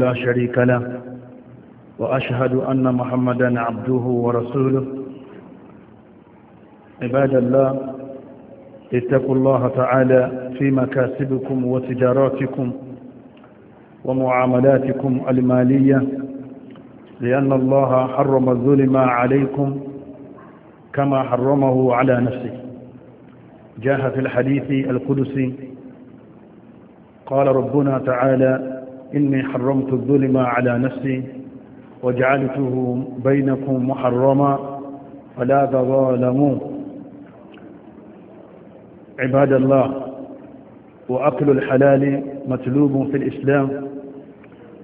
لا شريك له وأشهد أن محمدا عبده ورسوله عباد الله اتقوا الله تعالى في مكاسبكم وتجاراتكم ومعاملاتكم المالية لأن الله حرم الظلم عليكم كما حرمه على نفسه جاء في الحديث القدسي قال ربنا تعالى إني حرمت الظلم على نفسي وجعلته بينكم محرما فلا تظالموا عباد الله وأكل الحلال مطلوب في الإسلام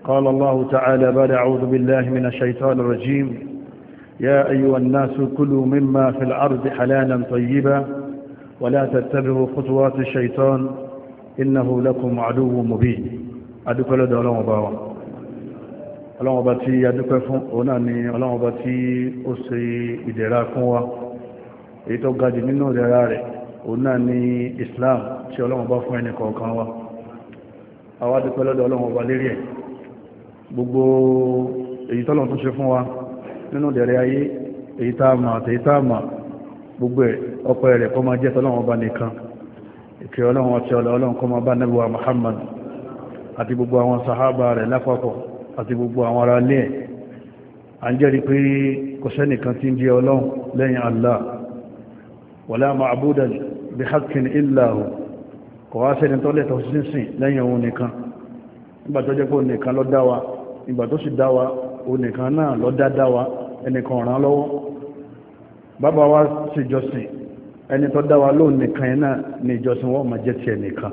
قال الله تعالى بعد أعوذ بالله من الشيطان الرجيم يا أيها الناس كلوا مما في الأرض حلالا طيبا ولا تتبعوا خطوات الشيطان إنه لكم عدو مبين adúpẹ́ lọ́dọ̀ ọlọ́run ọba wa ọlọ́run ọba tí adúpẹ́ fún òun náà ni ọlọ́run ọba tí ó ṣe ìdẹ̀ra fún wa èyí tó gajù nínú ìdẹ̀ra rẹ̀ òun náà ni Islam tí ọlọ́run ọba fún ẹnì kọ̀ọ̀kan wa àwa dúpẹ́ lọ́dọ̀ ọlọ́run ọba lérí ẹ̀ gbogbo èyí tọ́lọ́run tó ṣe fún wa nínú ìdẹ̀rẹ̀ ayé èyí tá a mọ̀ àtèyí tá a mọ̀ gbogbo ẹ̀ ọpẹ́ rẹ̀ kó máa jẹ́ tọ́lọ́run ọba nìkan ìkẹ́ Muhammad àti gbogbo àwọn sàhábà rẹ̀ lápapọ̀ àti gbogbo àwọn ará lẹ́ à ń jẹ́rìí pé kò sẹ́nìkan tí ń jẹ́ ọlọ́run lẹ́yìn Allah wala ma'budan bihaqqin illa illahu, kò wá sẹ́ni tó lẹ́tọ̀ọ́ sínsìn lẹ́yìn òun nìkan nígbà tó jẹ́ pé òun nìkan ló dá wa ìgbà tó sì dá wa òun nìkan náà ló dá dá ẹnìkan ràn lọ́wọ́ bàbá wa sì jọsìn ẹni tó dá lóun nìkan yẹn náà ni ìjọsìn wọn máa jẹ́ tiẹ̀ nìkan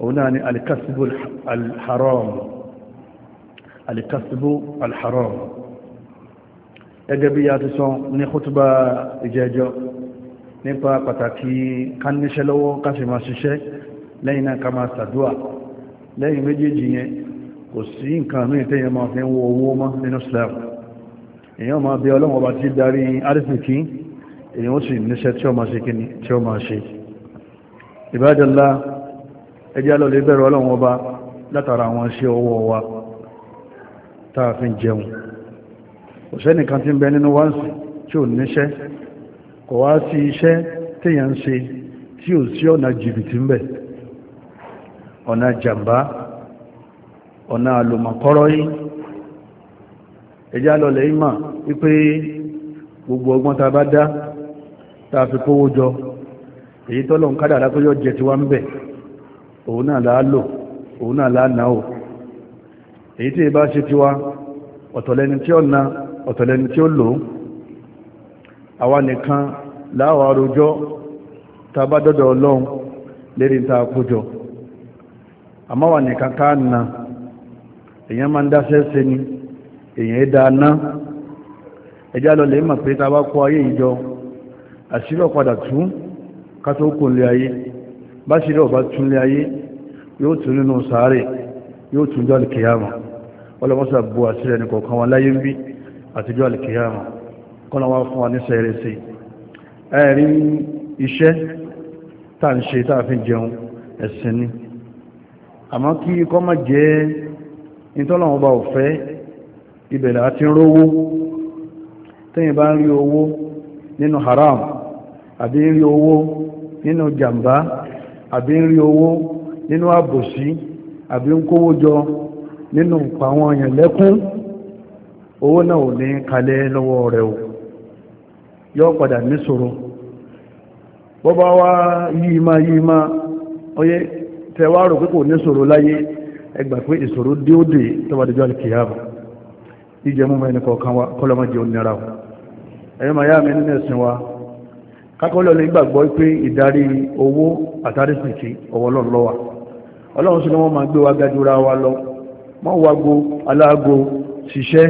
òun náà ni alikasibu alharam alikasibu alharam gẹ́gẹ́ bí ya ti sọ ní kútùbà ìjẹjọ́ nípa pàtàkì ká níṣẹ́ lọ́wọ́ ká sì máa ṣiṣẹ́ lẹ́yìn náà ká máa sàdúà lẹ́yìn méjèèjì yẹn kò sí nǹkan mí tẹ́yẹ máa fi ń wo owó mọ́ nínú Islam èyàn máa bí ọlọ́run ọba tí darí arísìkí èyàn ó sì níṣẹ́ tí ó máa ṣe kí ni tí ó máa ṣe ìbádọ́lá ẹjẹ́ lọ lè bẹ̀rẹ̀ ọlọ́run ọba látara àwọn iṣẹ́ ọwọ́ wa táà fi jẹun òṣẹ́nìkan ti ń bẹ nínú wáǹsì tí ò níṣẹ́ kò wá sí iṣẹ́ téèyàn ń ṣe tí ò sí ọ̀nà jìbìtì ń bẹ ọ̀nà jàmbá ọ̀nà àlòmọ̀kọ́rọ́ yìí ẹjá lọlẹ̀ ìmọ̀ wípé gbogbo ọgbọ́n ta bá dá ta fi kówó jọ èyí tọ́lọ̀ ń kádàrá pé yọ jẹ ti wá ń bẹ̀ òun náà láàlò òun náà l'áàlò èyí tí bá ṣe tiwa ọ̀tọ̀lẹ́ni tí ó na ọ̀tọ̀lẹ́ni tí ó lò àwa nìkan láwọ̀ àrójọ́ ta bá dọ́dọ̀ ọlọ́run lérí ta kójọ àmáwà nìkan ká na èyàn máa ń dáṣẹ́ ni èyàn é ẹjá lọ lè mọ̀ pé ta bá kó ayé ìjọ àṣírí ọ̀padà tún ká tó ayé bá ṣe rẹ̀ ọba tún lé ayé yóò tún nínú sàárè yóò tún jọ alìkìyàmà ọlọ́mọ́sà bu àṣírí ẹni kọ̀ọ̀kan wọn láyé ń bí àtijọ́ alìkìyàmà kọ́nà wá fún wa ní sẹ́rẹ̀ sí ẹ̀rí iṣẹ́ tá à ń ṣe tá jẹun ẹ̀sìn ni àmọ́ kí kọ́ má jẹ́ ìtọ́lọ́wọ́n bá ò fẹ́ ibẹ̀lẹ̀ haram àbí ń rí owó nínú àbí ń rí owó nínú àbòsí àbí ń kówó jọ nínú nǹkan àwọn èèyàn lẹ́kún owó náà ò ní kalẹ̀ lọ́wọ́ rẹ̀ o yọ padà níṣòro bọ́ bá wá yí ma yí ma oyé tẹwàá rò pé kò níṣòro láyé ẹgbà pé ìṣòro dé ó dé tọ́wàdíjọ́ alìkìyàmù ìjẹmú mẹ́ni kọ̀ọ̀kan wa kọ́lọ́mọ́jẹ́ ẹ̀yọ́ màá yá mi nínú ẹ̀sìn wa kákọ́lọ́ ní gbàgbọ́ pé ìdarí owó àtàrísìkì ọwọ́ ọlọ́run ló wà ọlọ́run sí ni wọ́n máa gbé wa gajura wa lọ mọ́ wago aláago ṣiṣẹ́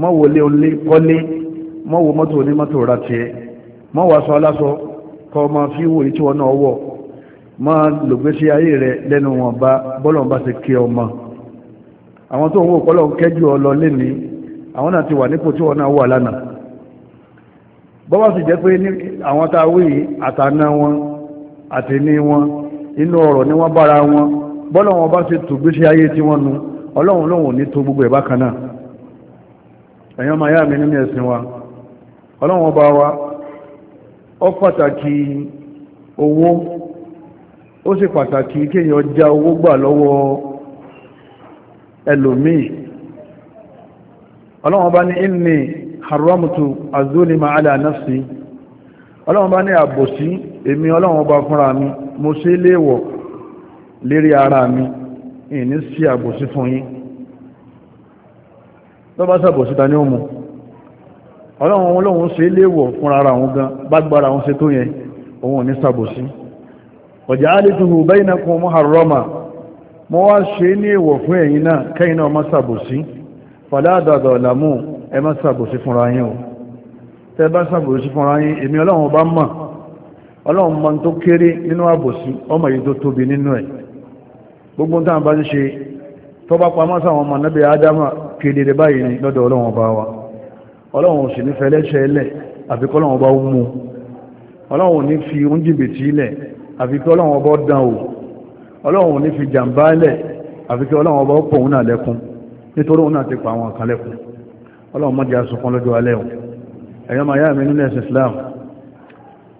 mọ́ wọlé olé kọ́lé mọ́ wo mọ́tò onímọ́tò ra tiẹ̀ mọ́ wàásọ aláṣọ kọ́ máa fi wò tí wọ́n náà wọ̀ máa lògbésí ayé rẹ̀ lẹ́nu wọn bá bọ́lọ̀ bá ti kí ọmọ àwọn tó ń wò kọ́lọ̀ kẹ́jù ọ lọ lẹ́ni àwọn náà ti wà nípò tí wọ́n náà wà lánàá bọ́bá sì jẹ́ pé àwọn tá wí àtàná wọn àtẹ̀ní wọn inú ọ̀rọ̀ ni wọ́n bára wọn bọ́lọ̀ wọn bá ṣe tò gbéṣẹ́ ayé tí wọ́n nu ọlọ́run lóhùn ní tó gbogbo ẹ̀bá kan náà ẹ̀yàn máa yá mi nínú ẹ̀sìn wa ọlọ́run ọba wa ó pàtàkì owó ó sì pàtàkì kéèyàn já owó gbà lọ́wọ́ ẹlòmíì ọlọ́run ọba ní ìní haramtu azulima ala nafsi ọlọ́run bá ní àbòsí èmi ọlọ́run bá fúnra mi mo ṣe léèwọ̀ lérí ara mi ìní sí àbòsí fún yín tó bá sàbòsí ta ní ó mú ọlọ́run olóhun ṣe léèwọ̀ fúnra ara òun gan bágbára òun ṣe tó yẹn òun ní sàbòsí ọjà alìtuhu bainakum muharrama mo wá ṣe ní fún ẹ̀yin náà kẹ́yìn náà má sàbòsí fàládàdà ọ̀làmú ẹ má ṣàbòsí fúnra yín o tẹ́ bá ṣàbòsí fúnra yín èmi ọlọ́run bá mọ̀ ọlọ́run mọ̀ tó kéré nínú àbòsí ọmọ yìí tó tóbi nínú ẹ̀ gbogbo tá à ń bá ti ṣe tó bá pamọ́ sáwọn ọmọ nábì ádámà kedere báyìí ni lọ́dọ̀ ọlọ́run bá wa ọlọ́run sì ní fẹlẹ́ṣẹ́ ẹlẹ̀ àfi kọ́lọ́run bá mú ọlọ́run ní fi oúnjìbìtì ilẹ̀ àfi kọ́lọ́run bá dán o ọlọ́run ní fi jàǹbá ilẹ̀ àfi kọ́lọ́run bá pọ̀ òun náà lẹ́kún nítorí òun náà ti pa àwọn kan lẹ́kún ọlọ́run mọ́jẹ́ asùnkún lójú alẹ́ wọn ẹ̀yọ́ ma yá mi nínú ẹ̀sìn islam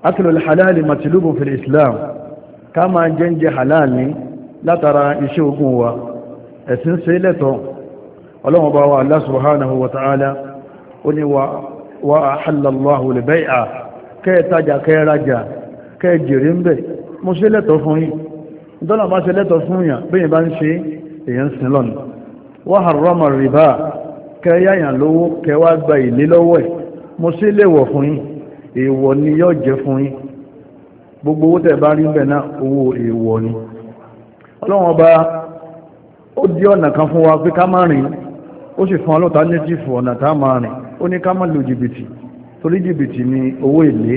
akílò halali matilubu fi islam ká máa jẹ́ǹjẹ́ halali látara iṣẹ́ ogun wa ẹ̀sìn sí lẹ́tọ̀ ọlọ́run bá wa Allah subhanahu wa ta'ala ó ní wa ahallallahu al-bay'a kẹ́ tajà kẹ́ riba kẹyàyàn lówó kẹwà gba ìlé lọ́wọ́ ẹ̀ mo sí léwọ̀ fún yín èèwọ̀ ni yóò jẹ́ fún yín gbogbo owó tẹ̀ bá rí bẹ̀ náà owó èèwọ̀ ni ọlọ́run ọba ó dí ọ̀nà kan fún wa pé ká má rìn ó sì fún ọlọ́ta nẹ́tífù ọ̀nà tá má rìn ó ní ká má lu jìbìtì torí jìbìtì ni owó èlé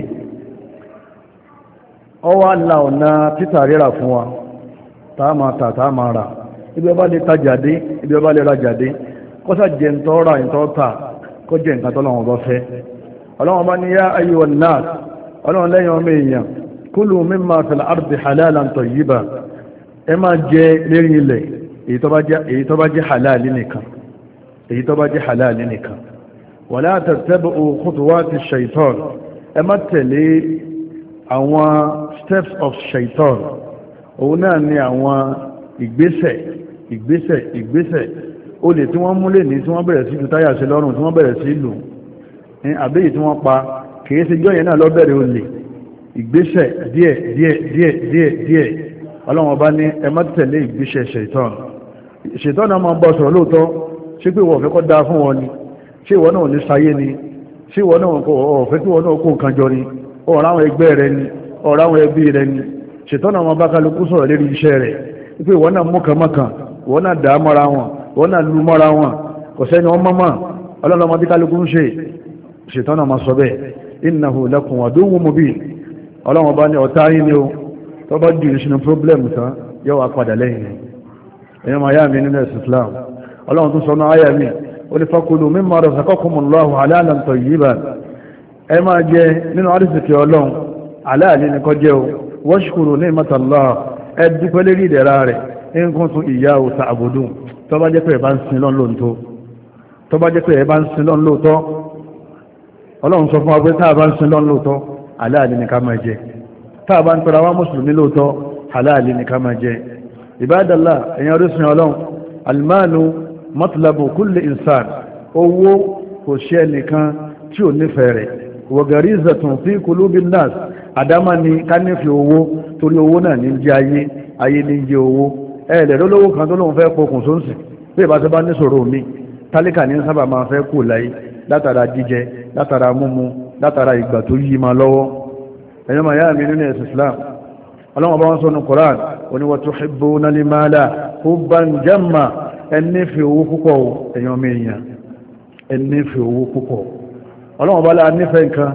ọwọ́ la ọ̀nà títà rírà fún wa tá má tà tá má rà ibi ọba lè tajà dé ibi ọba lè rajà dé kọ́sà jẹ́ ń tọ́ra ń tọ́ta kó jẹ́ nǹkan tọ́lọ́wọ́n bá fẹ́ ọlọ́wọ́n bá ní yá ayyuhan nas ọlọ́wọ́n lẹ́yìn ọmọ èèyàn kulu mimma fil ardi halalan tayyiba ẹ máa jẹ lérí ilẹ̀ èyí tó bá jẹ́ halali nìkan èyí tó bá jẹ́ steps of shaitan òun náà ni àwọn ìgbésẹ̀ ìgbésẹ̀ ìgbésẹ̀ olè tí wọ́n múlè ní tí wọ́n bẹ̀rẹ̀ sí ju táyà sí lọ́rùn tí wọ́n bẹ̀rẹ̀ sí lù ní àbẹ́yì tí wọ́n pa kìí ṣe jọ́yẹ̀ náà lọ́bẹ̀rẹ̀ olè ìgbésẹ̀ díẹ̀ díẹ̀ díẹ̀ díẹ̀ díẹ̀ ọlọ́wọ́n bá ní ẹ má tẹ̀lé ìgbésẹ̀ ṣètọ́n ṣètọ́n náà máa ń bọ́ wọ́n ni ṣé ìwọ náà ní sayé ni ṣé ìwọ náà kò ọ̀fẹ́ wọ́n náà kó ni ọ̀rọ̀ àwọn ẹgbẹ́ ni ọ̀rọ̀ àwọn ẹbí rẹ ni ṣètọ́n náà máa bá kálukú sọ̀rọ̀ mọ́ra wọn wọ́n náà lu mọ́ra wọn kò sẹ́ni wọ́n mọ́mọ́ ọlọ́lọ́mọ bí kálukú ń ṣe ṣètọ́nà máa sọ bẹ́ẹ̀ innahu lakum aduwwun mubin ọlọ́wọ́n bá ní ọ̀tá yín ni ó tó bá jù ìṣinú pírọ́blẹ̀mù tán yóò wá padà lérí ìdẹ̀ra rẹ̀ in kuntum iyyahu ta'budun tó bá jẹ́ pé ẹ bá ń sin lọ́n lóòótọ́ tó bá jẹ́ pé ẹ bá ń sin lọ́n lóòótọ́ ọlọ́run sọ fún wa pé tá a bá ń sin lọ́n lóòótọ́ aláàlì ni ká máa jẹ tá a bá ń pẹ̀rọ àwọn mùsùlùmí lóòótọ́ aláàlì ni ká máa jẹ ìbádàlá èèyàn orísun ọlọ́run almanu matlabu kulli insan owó kò ṣe ẹnìkan tí ò nífẹ̀ẹ́ rẹ̀ wọ̀gàrí ìzẹ̀tùn sí kulubi nas àdámà ni ká nífẹ̀ẹ́ owó torí owó náà ní jẹ ayé ayé ní jẹ owó ẹ̀ẹ́dẹ̀ lólówó kan tó lóun fẹ́ pokùn sóńsì bí ìbá tó bá ní sòro mi tálíkà ní sábà máa fẹ́ kù láyé látara jíjẹ látara múmu látara ìgbà tó yí ma lọ́wọ́ ẹ̀yọ́ ma yáà mi nínú ẹ̀sìn Islam ọlọ́wọ́n bá wọ́n sọ Quran oní wa tuhibbuna al-mala hubban jamma ẹni fi owó púpọ̀ ẹ̀yọ́ mi èèyàn ẹni fi owó púpọ̀ ọlọ́wọ́n bá láà nífẹ̀ẹ́ nǹkan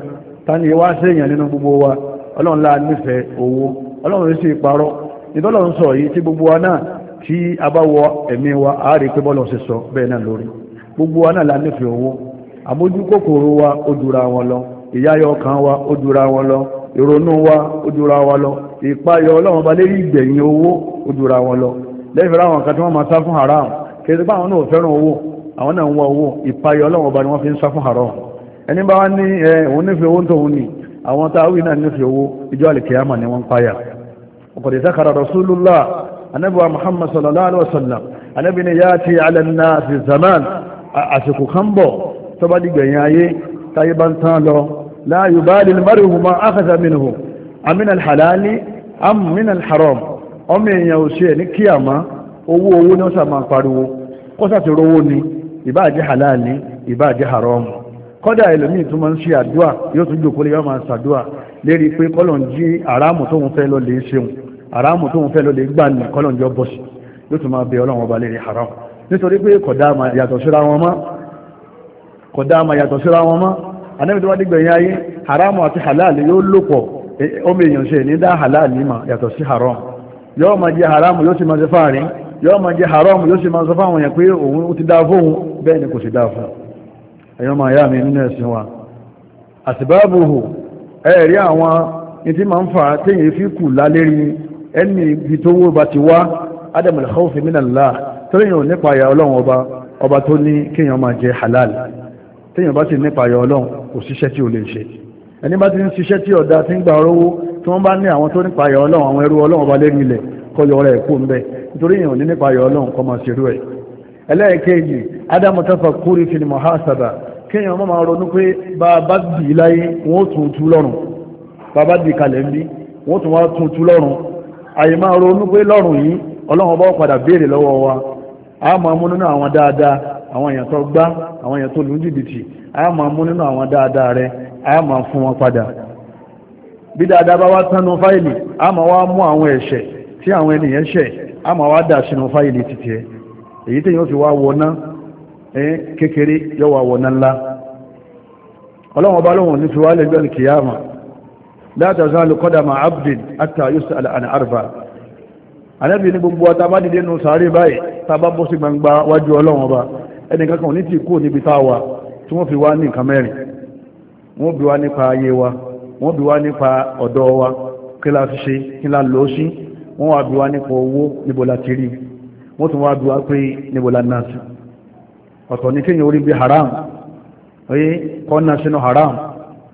ta ni wá sí èèyàn nínú gbogbo ìdọ́lọ̀ ń sọ yìí tí gbogbo wa náà tí a bá wọ ẹ̀mí wa a pé bọ́lọ̀ ṣe sọ bẹ́ẹ̀ náà lórí gbogbo wa náà la nífẹ̀ẹ́ owó àmójú kòkòrò wa ó jura wọn lọ ìyáyọ ọkàn wa ó jura wọn lọ ìrònú wa ó jura wọn lọ ìpayọ ọlọ́run ba lérí ìgbẹ̀yìn owó ó jura wọn lọ lẹ́yìn fẹ́ra àwọn kan tí wọ́n máa sá fún haram kì í sí pé àwọn náà fẹ́ràn owó àwọn náà ń wá owó ìpayọ ọlọ́run ba ni wọ́n fi ń sá fún haram ẹni bá wá ní ẹ òun nífẹ̀ẹ́ owó tóun ni àwọn táwí náà nífẹ̀ẹ́ owó ìjọ àlìkèyàmà ni wọ́n ń payà وقد ذكر رسول الله النبي محمد صلى الله عليه وسلم النبي ياتي على الناس زمان àsìkò kan bọ̀ tó bá dìgbẹ̀yìn ayé táyé bá ń tán lọ la yubali al-mar'u ma akhadha minhu amínà alhàlálí amínà alharam ọmọ èèyàn ò ṣe ní kíyàmá owó owó ní ọ̀sà máa pariwo kọ́sà ti rówó ni ìbá jẹ́ halali ìbá jẹ́ haram kọ́dà ẹlòmíì tó máa ń ṣe àdúà yóò tún jòkó lè yọ́ máa ṣàdúà lérí pé kọ́lọ̀n jí àráàmù tó ń fẹ́ lọ lè ṣeun àráàmù tó ń fẹ́ lọ lè gbà ní kọ́lọ̀n jọ bọ́sì ló tún máa bẹ ọlọ́run ọba lérí haram nítorí pé kódà máa yàtọ̀ síra wọn mọ́ kódà máa yàtọ̀ síra wọn mọ́ anábì tó wá dígbẹ̀yìn ayé haramu àti halali yóò lòpọ̀ e, ọmọ èèyàn ṣe ní dá halali mà yàtọ̀ sí haram yóò máa jẹ haramu yóò sì máa ṣe fáàrin yóò máa jẹ haramu yóò sì máa sọ fáwọn èèyàn pé òun ti dá fóun bẹ́ẹ̀ ni kò sì dá fún ẹ̀yọ́ máa yá mi nínú ẹ̀sìn wa àsìbáàbùhù ẹ̀rí àwọn ìtí ma ń fa téyìn fi kù lálérí ẹni ibi tó wó bá ti wá adamul khawfi minallah tẹ́lẹ̀yìn ò nípa ayà ọlọ́run ọba ọba tó ní kéèyàn máa jẹ halal téyìn bá ti nípa ayà ọlọ́run kò síṣẹ́ tí ò lè ṣe ẹni bá ti ń ṣiṣẹ́ tí ọ̀dà ti ń gba rówó tí wọ́n bá ní àwọn tó nípa ayà ọlọ́run àwọn ẹrú ọlọ́run ọba lérí ilẹ̀ kọyọ rẹ̀ kú ń bẹ nítorí èèyàn ní nípa ayà ọlọ́run kọ́ máa ṣerú ẹ̀ ẹlẹ́ẹ̀kejì adamu tafakkuri fil muhasaba kéèyàn ọmọ máa ronú pé bàbá dì láyé wọ́n tún tú lọ́rùn bàbá dì kalẹ̀ ń bí wọ́n tún wá tún tú lọ́rùn àyè máa ronú pé lọ́rùn yìí ọlọ́run bá padà béèrè lọ́wọ́ wa a máa mú nínú àwọn dáadáa àwọn èèyàn tó gbá àwọn èèyàn tó lù ú jìbìtì a máa mú nínú àwọn dáadáa rẹ a máa fún wọn padà bí dáadáa bá wá tánú fáìlì a máa wá mú àwọn ẹ̀ṣẹ̀ tí àwọn ènìyàn ṣẹ̀ a máa wá dà sínú fáìlì títì ẹ̀ èyí kékeré yóò wà wọ̀nà ńlá ọlọ́run ọba lóhun ní fi wá lẹ́gbẹ́ kìyàmà la tazalu qadama abdin hatta yus'al an arba anábì ní gbogbo ọta bá dìde nù sàárè báyìí tá a bá bọ́ sí gbangba wájú ọlọ́run ọba ẹnìkan kan ní ti kú níbi tá a wà tí wọ́n fi wá ní nǹkan mẹ́rin wọ́n bi wá nípa ayé wa wọ́n bi wá nípa ọ̀dọ́ wa kí la fi ṣe kí la lò ó sí wọ́n wá bi wá nípa owó níbo la ti rí wọ́n tún wá bi wá pé níbo la ọ̀tọ̀ ní kíyàn orí bí haram oye kọ́nà sínú haram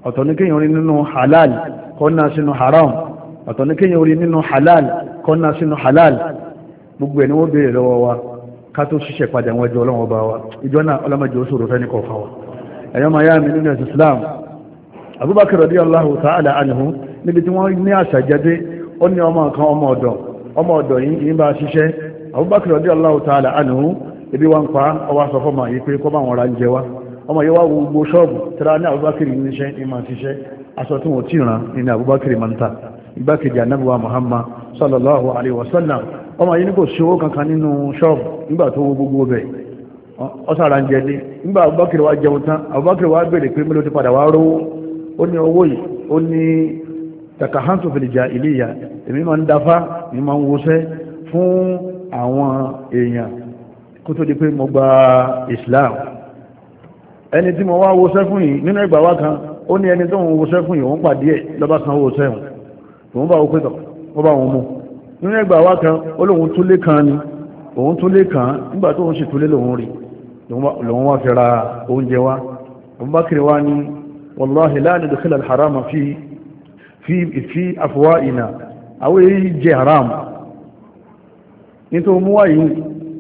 ọ̀tọ̀ ní kíyàn orí nínú halal kọ́nà sínú haram ọ̀tọ̀ ní kíyàn orí nínú halal kọ́nà sínú halal gbogbo ẹni wọ́n bèèrè lọ́wọ́ wa ká tó ṣiṣẹ́ padà wọn ẹjọ́ ọlọ́wọ́ bá wa ìjọ náà ọlọ́mọdé oṣù rẹ̀ fẹ́ni kọ̀ọ̀fà wa ẹ̀yọ́ ma yá mi nínú ẹ̀sìn Islam Abubakar radiyallahu ta'ala anhu níbi tí wọ́n ní àṣà jẹ́dé ó ní ọmọ kan ọmọ ọ̀dọ̀ ọmọ ọ̀dọ̀ yìí ń bá ṣiṣẹ́ Abubakar radiyallahu ta'ala anhu ebi wa ń pa ọwá sọ fọ́mà yìí pé kọ́ bá wọn ra ń jẹ wá ọmọ yìí wá wo gbogbo ṣọ́ọ̀bù tíra ní abubakar ní iṣẹ́ ìmọ̀ àtiṣẹ́ aṣọ tí wọ́n ti ràn ní abubakar manta igbákejì anábíwá muhammad sallallahu alaihi wasallam ọmọ yìí ní kò sí owó kankan nínú ṣọ́ọ̀bù nígbà tó wo gbogbo bẹ̀ ọ̀sára ń jẹ dé nígbà abubakar wa jẹun tán abubakar wa bèrè pé mélòó ti padà wá rówó ó ní owó yìí ó ní takahantu fil jahiliya èmi máa ń dafa èmi máa ń wọṣẹ́ fún àwọn èèyàn kó tó di pé mo gba Islam ẹni tí mo wá wọ́sẹ́ fún yìí nínú ìgbà wá kan ó ní ẹni tó ń wọ́sẹ́ fún yìí òun pàdé ẹ̀ lọ́bá san owó sẹ́hùn òun bá wọ́pẹ́tọ̀ ó bá wọn mú nínú ìgbà wá kan ó lóun túlé kan ni òun túlé kan nígbà tó ń sì túlé lòun rí lòun wá fi ra oúnjẹ wá òun bá kiri wá ní wàláhì láàrin dùkílà haram fi fi àfọwá ìnà àwọn èyí jẹ haram nítorí mú wáyé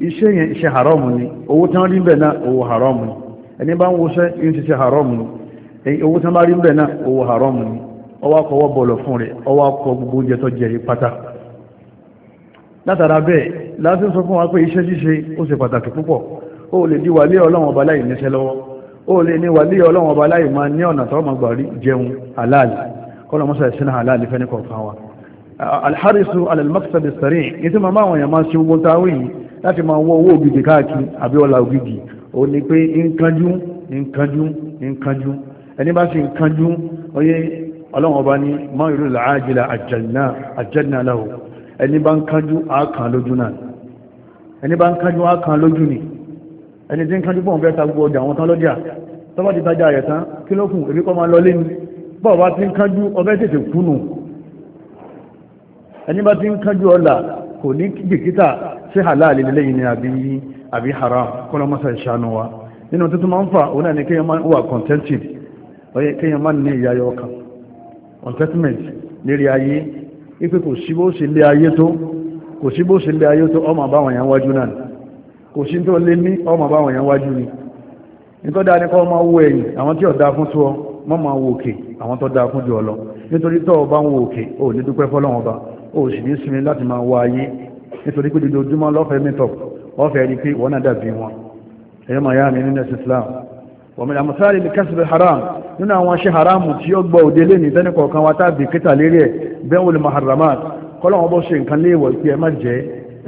iṣẹ́ yẹn iṣẹ́ haramu ni owó tán rí bẹ̀ náà owó haramu ni ẹni bá ń wọ́ṣẹ́ yìí ti ṣe haramu ni owó tán bá rí bẹ̀ náà owó haramu ni bọ̀lọ̀ fún rẹ̀ gbogbo oúnjẹ tó jẹ pátá látara bẹ́ẹ̀ láti sọ fún di wàlé ọlọ́wọ̀n ọba láì níṣẹ́ lọ́wọ́ ó lè ní wàlé ọlọ́wọ̀n ọba láì máa ní ọ̀nà tọ́wọ́ máa ìṣẹ́nà wa ní tí màmá láti máa wọ owó ògidì káàkiri àbí ọlà ògidì ó ní pé nkanjú nkanjú nkanjú ẹni bá sì nkanjú oyé ọlọ́run ọba ní máa yòrò làájìlá àjẹ́nà aláwọ̀ ẹni bá nkanjú àákan lójú náà ẹni bá nkanjú àákan lójú ni ẹni tí nkanjú bọ̀ ń fẹ́ ta gbogbo ọjà àwọn tán lọ́jà tọ́bá ti tajà rẹ̀ tán kí ló kù èmi kọ́ máa lọ lé ní bọ́ọ̀ ti nkanjú ọbẹ̀ tètè kùnù ẹni bá ti nkanjú ọlà kò ní gbèkítà sí halal lẹ́yìn ni àbí àbí haram kọ́lọ́mọ́sà ìṣàánú wa nínú tuntun máa ń fà òun náà ni kéèyàn máa wà contented ọyẹ kéèyàn máa ń ní ìyáyọ ọkàn contentment lérí ayé ipe kò sí bó ṣe lé ayé tó kò sí bó ṣe lé ayé tó ọmọ àbáwọn èèyàn wájú náà kò sí tó lé ní ọmọ àbáwọn èèyàn wájú ni nítorí dáa ní kọ́ máa wo ẹ̀yìn àwọn tí ọ̀dá fún tó ọ mọ́ máa wo òkè àwọn tó dáa fún jù ọ lọ nítorí tó o bá ń wo òkè ò ní dúpẹ́ fọ́lọ́wọ́n ba ó sì ní sinmi láti máa wá ayé nítorí pé dídójúmọ́ lọ́fẹ̀ẹ́ mítọ̀ ọ́fẹ́ rí pé wọ́n náà dàbí wọn ẹ̀yọ́ máa yá mi nínú ẹ̀sìn Islam wọ́n mìíràn ní kásìbì haram nínú àwọn aṣẹ́ haramu tí ó gbọ́ òde lé ní tẹ́ni kọ̀ọ̀kan wa tàbí kíta lérí ẹ̀ bẹ́ẹ̀ wọlé maharamat kọ́lọ́ wọn bọ́ ṣe nǹkan léèwọ̀ pé ẹ má jẹ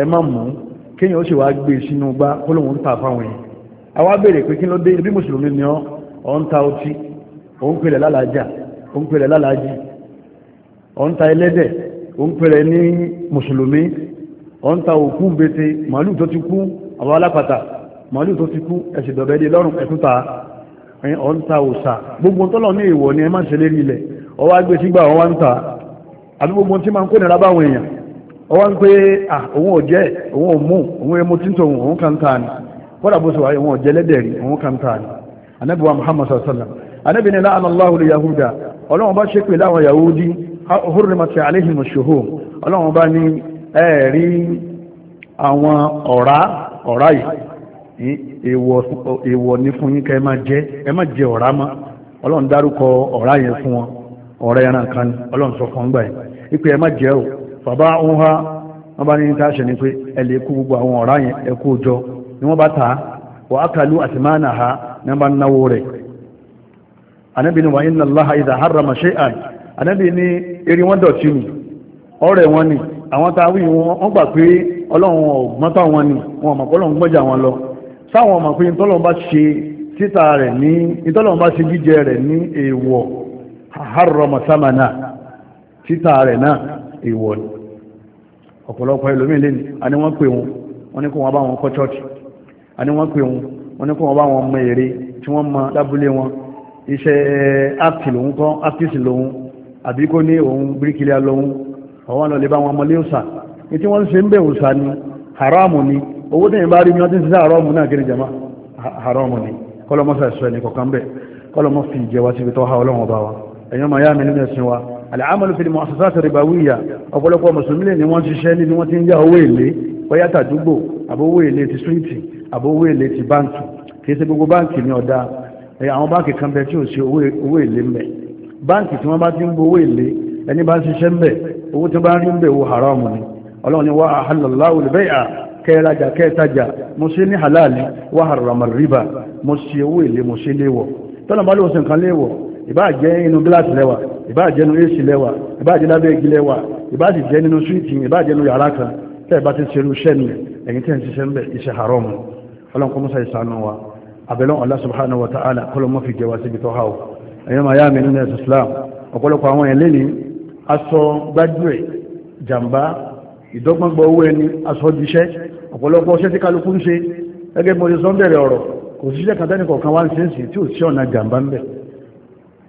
ẹ má mú kéèyàn ó sì e ẹlẹ́dẹ̀ ó ń pẹ̀rẹ̀ ní mùsùlùmí ó ń ta òkú bete màálù tó ti kú àwọn alápàtà màálù tó ti kú ẹ̀sì dọ̀bẹ̀ dé lọ́rùn ẹ̀kúta ó ta òsà gbogbo tọ́lọ̀ ní ìwọ̀ ni ẹ má ṣe lérí ilẹ̀ ọwọ́ agbé sígbà wọn wá ń ta àbí gbogbo tí máa ń kó nira báwọn èèyàn ọwọ́ ń pé à òun ò jẹ́ òun ò mú òun èmo tí ń tòun òun kàn ta ni kọ́dà bó ṣe wáyé òun ò jẹ́ lẹ́dẹ̀ẹ́ hurrimat alayhim shuhum ọlọ́run bá ní ẹ̀ẹ̀rí àwọn ọ̀rá ọ̀rá yìí èèwọ̀ ní fún yín kẹ́ ẹ má jẹ ọ̀rá mọ́ ọlọ́run dárúkọ ọ̀rá yẹn fún wọn ọ̀rá yẹn kan ní ọlọ́run sọ fún gbà yẹn o bàbá ń ha wọn bá ní ní táṣẹ ni pé ẹ lè kú gbogbo àwọn ọ̀rá yẹn ni wọ́n bá ta ha ní wọ́n bá náwó wa ànábì ní eré wọn dọ̀tí ni ọ̀rẹ́ wọn ni àwọn tá a wí wọn wọn gbà pé ọlọ́run ọ̀gbọ́n táwọn ni wọn mọ̀ kọ́lọ́run gbọ́jà wọn lọ sáwọn mọ̀ pé ntọ́lọ́run bá ṣe títà rẹ̀ ní ntọ́lọ́run bá ṣe jíjẹ rẹ̀ ní èèwọ̀ harrama títà rẹ̀ náà èèwọ̀ ni ọ̀pọ̀lọpọ̀ ẹlòmíín lé ní àní wọ́n pè wọn wọ́n ní kó wọn bá wọn kọ́ chọ́ọ̀chì àní wọ́n pè wọn wọ́n ní kó wọn bá wọn mọ èrè tí wọ́n mọ lábúlé wọn iṣẹ́ áàtì lòun kọ́ áàtìsì lòun àbí kó ní òun bíríkìlẹ̀ lọ́hún ọwọ́ náà lè bá wọn mọ́lé òsà ní tí wọ́n ń ń bẹ̀ òsà ni haramu ni owó tẹ̀yìn bá rí ní ọdún sísá haramu náà kiri jama haramu ni kọlọmọsà ẹ̀sọ́ ẹni kọ̀kan bẹ̀ kọlọmọ fi ìjẹwa síbi tọ́ha ọlọ́run ọba wa ẹ̀yàn máa yá mi nínú ẹ̀sìn wa àlàámọ́lù fi mọ̀ àṣàṣà àti rìbáwíyà ọ̀pọ̀lọpọ̀ mùsùlùmí ni wọ́n ṣiṣẹ́ ní wọ́n ti ń yá owó èlé bóyá tàdúgbò àbówó èlé ti síríìtì àbówó èlé ti báǹkì kì í ṣe gbogbo báǹkì ní báǹkì tí wọ́n bá ti ń gbowó èlé ẹni bá ń ṣiṣẹ́ ń bẹ̀ owó tó bá ń rí ń bẹ̀ wo haram ni ọlọ́run ni wá àhàlọ́láwò lè bẹ́yà kẹ́ẹ̀rajà kẹ́ẹ̀tajà mo ṣe ní halali wá haramar riba mo ṣe owó èlé mo ṣe léwọ̀ tọ́nà bá lóòsàn kan léwọ̀ ìbáà jẹ́ inú gíláàsì lẹ́wà ìbáà jẹ́ inú èsì lẹ́wà ìbáà jẹ́ lábẹ́ igi lẹ́wà ìbáà sì jẹ́ nínú súwìtì ìbáà inú yàrá kan tẹ́ẹ̀ bá ti ṣe irú iṣẹ́ nìyẹn ẹ̀yìn tẹ́ẹ̀ ń ṣiṣẹ́ ń bẹ̀ iṣẹ́ haram ọlọ́run kọ́mọ́sá ìsànú wa abẹ́lọ́n Allah subhanahu wa ta'ala kọ́lọ́mọ́ fi jẹ́ wa síbi tó háwọ́ ẹ̀yọ́ máa yá mi nínú ẹ̀sùn Islam ọ̀pọ̀lọpọ̀ àwọn ẹ̀lẹ́ ni aṣọ gbájúẹ̀ jàǹbá ìdọ́gbọ́ngbọ́ owó ẹni aṣọ jíṣẹ́ ọ̀pọ̀lọpọ̀ ṣẹ́ tí kálukú ń ṣe gẹ́gẹ́ bí mo ṣe sọ ń bẹ̀rẹ̀ ọ̀rọ̀ kò síṣẹ́ kan tẹ́nì kọ̀ọ̀kan wá ń ṣe ń sìn tí ò sí ọ̀nà jàǹbá ń bẹ̀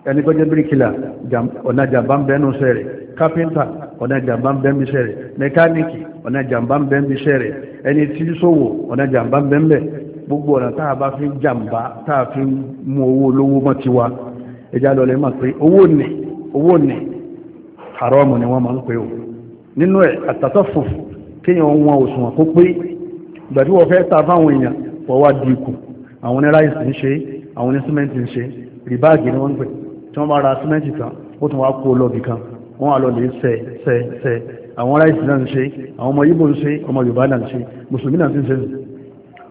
ẹni tó jẹ́ bíríkìlà ọ̀nà jàǹbá ń bẹ̀ nù rẹ̀ kápẹ́ńtà ọ̀nà jàǹbá ń bẹ̀ ń rẹ̀ mẹkáníìkì ọ̀nà jàǹbá ń bẹ̀ ń rẹ̀ ẹni tí ṣòwò ọ̀nà jàǹbá ń bẹ̀ ń gbogbo ọ̀nà tá bá fi jàǹbá tá fi mú owó olówó mọ́ tiwa ẹjá lọ lè máa pé owó nì owó nì haramu ni wọ́n máa ń pè ó nínú ẹ̀ àtàtọ́fù kéèyàn wọn òṣùwọ̀n kó pé ìgbà tí wọ́n fẹ́ ta fáwọn èèyàn wọ́n wá di ikù àwọn ní ráìsì ń ṣe àwọn ní símẹ́ǹtì ń ṣe rìbáàgì ni wọ́n ń pè tí wọ́n bá ra símẹ́ǹtì kan ó tún wá kó lọ́ọ̀gì kan wọ́n á lọ lè sẹ̀ sẹ̀ sẹ̀ àwọn ráìsì náà ń ṣe àwọn ọmọ yíbò ń ṣe ọmọ yorùbá náà ń ṣe mùsùlùmí náà ti ń ṣe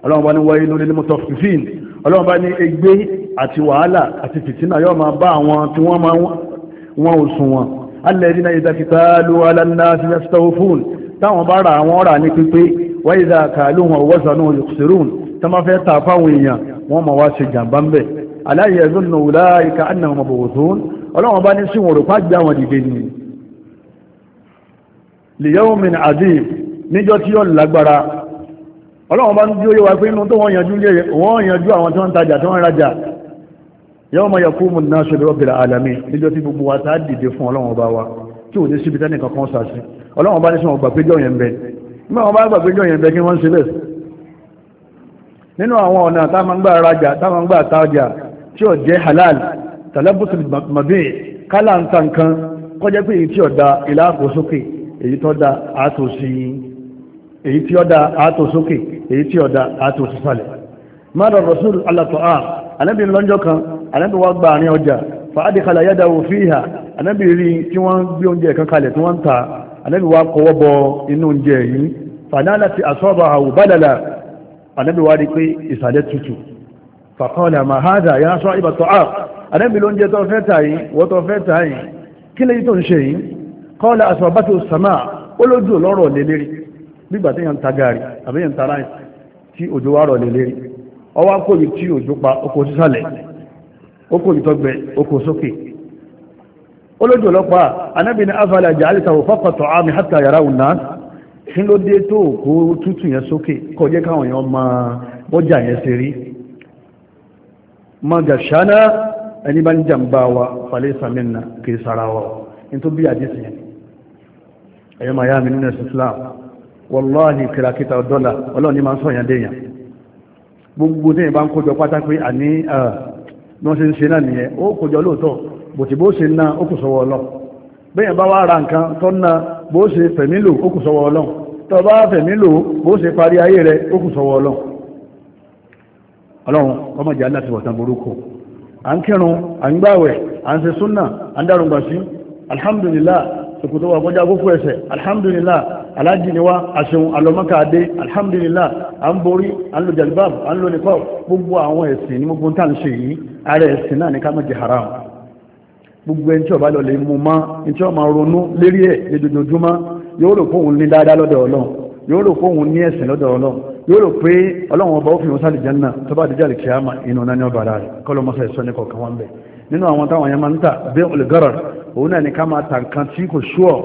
ọlọ́run bá ní wáyé lórí ní mọ́tò fífíìn ọlọ́run bá ní ègbé àti wàhálà àti fìtínà yóò máa bá àwọn tí wọ́n máa wọn ò sùn wọn alladhina idha kitalu ala an-nasi yastawfun táwọn bá ra àwọn ọ̀rà ní pípé wa idha kaluhum aw wazanuhum yukhsirun tó máa fẹ́ ta fáwọn èèyàn wọ́n máa wá ṣe jàǹbá ń bẹ̀ ala yazunnu ulaika annahum mab'uthun ọlọ́run bá ní sí wọn rògbà gbé àwọn dìde ni li yawmin adhim níjọ́ tí yóò lágbára ọlọ́run bá ń bí ó yẹ wá pé inú tó wọ́n yanjú lé wọ́n yanjú àwọn tó ń tajà tó ń rajà yawma yaqumu nnasu li rabbil alamin níjọ́ tí gbogbo wa ta dìde fún ọlọ́run bá wa tí ò ní síbi tẹ́nì kankan sàṣì ọlọ́run bá ní sọ̀rọ̀ gbàgbéjọ́ yẹn bẹ nígbà wọn bá gbàgbéjọ́ yẹn bẹ kí wọ́n ṣe bẹ́ẹ̀ nínú àwọn ọ̀nà táwọn gbà rajà táwọn gbà tajà tí ò jẹ́ halal talabbus mabi kálá ń ta nǹkan kọjá pé èyí tí ò da ìlà àkósókè èyí tó da àtòsí èyí tí da àtòsókè èyí tí ọ̀dá àti òsìsàlẹ̀ mọ́dọ̀ rasul alatọ́á anábì lọ́njọ́ kan anábì wá gba àrin ọjà fàádìkalà yádà òfíhà anábì rí tí wọ́n gbé oúnjẹ kan kalẹ̀ tí wọ́n ń ta anábì wá kọwọ́ bọ inú oúnjẹ yìí fàdánà ti àsọ́bà àwò bádàlà anábì wá rí pé ìsàlẹ̀ tutù fàkọ́lá mahada ya sọ ibà tọ́á anábì tó fẹ́ ta yìí wọ́n tó fẹ́ ta yìí kí lè tó ń ṣe yìí kọ́lá àsọ̀bá tó sàmà ó lójú lọ́rọ̀ lélẹ́rìí nígbà tí yàn ń ta gààrí àbí yàn ń ta ráì tí òjò wá rọ̀ lè lérí ọwọ́ akóyì tí òjò pa oko sísàlẹ̀ oko ìtọ́gbẹ oko sókè olójú ọlọ́pàá anábì ní afalẹ̀ àjà àlìtàwò fọ́kọ̀tọ̀ àmì hàtà yàrá òun náà kí ló dé tó kó tútù yẹn sókè kọjá káwọn èèyàn máa bọ́jà yẹn ṣe rí mọ́gà ṣáná ẹni bá ń jàǹbá wa falẹ̀ sàmìnà kì í sara wa nítorí bí àdìsí yẹn ẹ̀yọ́ màá yá mi nínú ẹ̀sìn Islam wọ́lọ́ọ̀ni kìràkìtà ọ̀dọ́là ọlọ́ọ̀ni máa ń sọ̀yàn déyàn gbogbo tí ìbá ń kójọ pátá pé àní ní wọ́n ṣe ń a náà nìyẹn ó kójọ lóòótọ́ bò tí bó ṣe ná ó kù sọ́wọ́ ọlọ́ bẹ́yàn bá wá ra nǹkan tó ná bó ṣe fẹ̀mí lò ó ọlọ́ tó bá ṣòkòtò wà kọjá gbogbo ẹsẹ̀ alhamdulillah alájì ni wá àṣeun alọ́mọ́kàdé alhamdulillah à ń borí à ń lo jalibab à ń lo nìkọ́ gbogbo àwọn ẹ̀sìn ní gbogbo tá à ń ṣe yìí ara ẹ̀sìn náà ní ká má jẹ haram gbogbo ẹni tí ọba lọ lè mú ma ẹni tí ọba ronú lérí ẹ̀ lójoojúmọ́ yóò rò fóun ní dáadáa lọ́dọ̀ ọlọ́run yóò rò fóun ní ẹ̀sìn lọ́dọ̀ ọlọ́run yóò rò pé ọlọ́run ọba ó fi wọn sálì jẹ́ náà tó bá dé jáde kíámà inú náà ní ọba rẹ̀ kọ́lọ́mọ́sá ẹ̀sọ́ ní kọ̀ọ̀kan wọn bẹ́ẹ̀ nínú àwọn táwọn yẹn máa ń tà bí olùgọ́rọ̀ òun náà ní ká máa ta nǹkan tí kò ṣúọ̀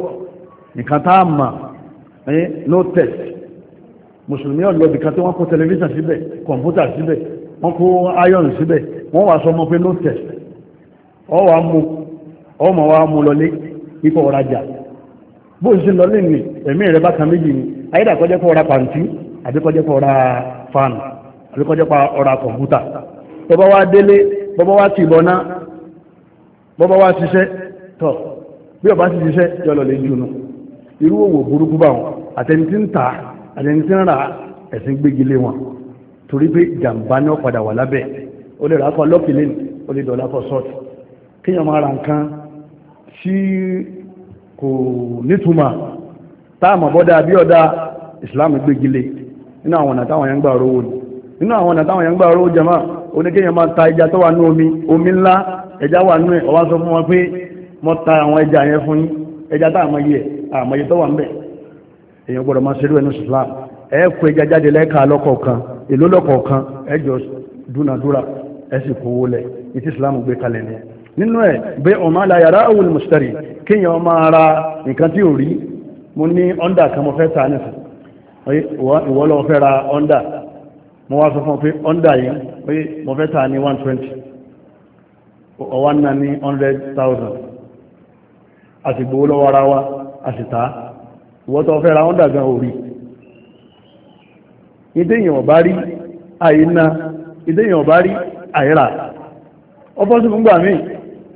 nǹkan tá a mà ẹ́ no test mùsùlùmí ọ̀lọ́bì kan tí wọ́n kó tẹlifíṣàn síbẹ̀ kọ̀ǹpútà síbẹ̀ wọ́n kó iron síbẹ̀ wọ́n wá sọ ọmọ pé no test ọwọ́ amú ọmọ wa mú lọlé ipò ọ̀rajà bó ṣe lọlé ni ẹ̀mí rẹ̀ bákan méjì ni ayédàkọ́jẹ́ kọ́ ọ̀ra pàǹtí àbíkọ́jẹ́ kọ́ ọ̀ra fan àbíkọ́jẹ́ kọ́ ọ̀ra kọ̀ǹpútà bọ́bá wa délé bọ́bá wa tìbọná bọ́bá wá ṣiṣẹ́ bí ọba ti ṣiṣẹ́ yọlọ lè ọ irú òwò burúkú bá wọn àtẹni tí ń ta àtẹni tí ń ra ẹ̀sìn gbégi lé wọn torí pé jàǹbá náà padà wà lábẹ́ ó lè rákọ lọ́kìlín ó lè dọ̀lá kọ sọ́ọ̀tì kéèyàn máa ra nǹkan tí kò nítumọ̀ bí ìsìláàmù gbégi lé nínú àwọn ọ̀nà táwọn yẹn ń gbà nínú àwọn ọ̀nà táwọn yẹn ta ẹja wà nú ọwá sọ fún wọn pé mo ta àwọn ẹja yẹn fún yín ẹja tá àmọ́ yẹ àmọ́ tó wà ń bẹ̀ èèyàn gbọ́dọ̀ máa ṣerú ẹnu Islam ẹ kó ẹja jáde ẹ jọ dúnadúrà ẹ sì Islam gbé ni nínú ọmọ nǹkan tí ò rí mo ní ọ́ndà kan mo fẹ́ ta 120 ọwá náà ní 100,000 a sì gbówó lọ́wọ́ ara wa a sì tàá ìwọ́tọ̀ fẹ́ ra wọ́n dàgbà orí ìdíyàn ọ̀bá rí àìná ìdíyàn ọ̀bá rí àìrà ọpọ́ sí fúngbà míì